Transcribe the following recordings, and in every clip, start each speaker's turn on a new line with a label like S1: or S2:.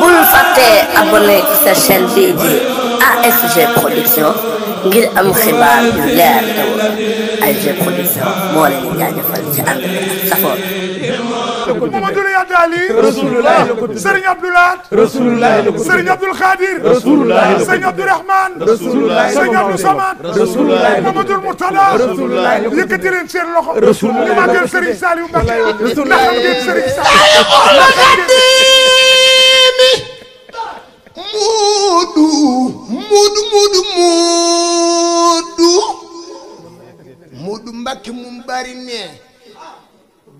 S1: bul fàtte abonné ci sa chaîne bii di ASG production ngir am xibaar yu leer te wóor ASG production moo leen di jaajëfal ci ànd bi ak safoor Mamadou Yadali rasulullah Serigne Abdoulaat rasulullah Serigne Abdoul Khadir rasulullah Serigne Abdou Rahman rasulullah Serigne Abdou Samad rasulullah Mamadou Murtada rasulullah yëkkati leen seen loxo rasulullah ñu màggal Serigne Saliou Mbacké rasulullah Serigne Saliou Moodu Moodu Moodu Moodu Moodu Mbacke mu bari ne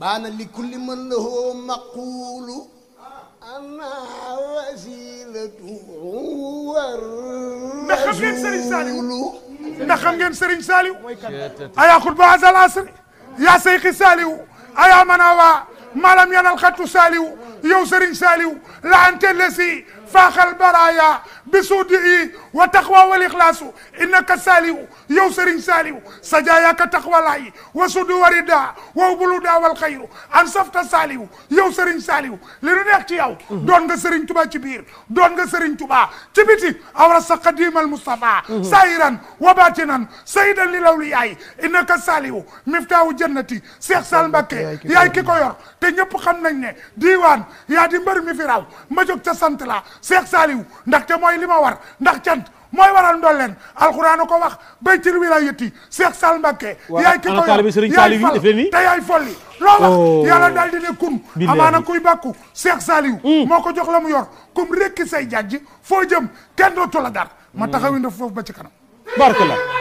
S1: بان لكل من له مقول أنا وسيلته والرسول نخم جيم سرين سالي نخم جيم سرين أيا قرب هذا العصر يا سيخي ساليو أيا مناوا ما ينال خطو ساليو يو سرين لا أنت لسي faaxal baraya bi suudi wa taqwa wal ixlaasu innaka saalihu yow sëriñ saalihu sajaayaka taqwalaayi wa sudi warida wa buluda wal xayru an safta saalihu yow sëriñ saalihu li nu neex ci yow doon nga sëriñ tuba ci biir doon nga sëriñ tuba ci biti awra sa qadimal mustafa saayiran wa batinan sayidan li lawli yaay innaka saalihu miftaahu jannati seex sal mbakke ki ko yor te ñëpp xam nañ ne diiwaan yaa di mbër mi fi ma jóg ca sant Cheikh Saliou ca mooy li ma war ndax cant mooy waral ndolleen alxuraan ko wax béy ci wilaayati Cheikh Sall Mbacké. yaay ki ko yaay fal te yaay folli. loo wax oh. yàlla daal di ne kun. amaana kuy bàkku Cheikh Saliou. Mm. moo ko jox la mu yor kum rekki say jàjj foo jëm kenn dootu la dar ma mm. taxawindu foofu ba ci kanam. barke la.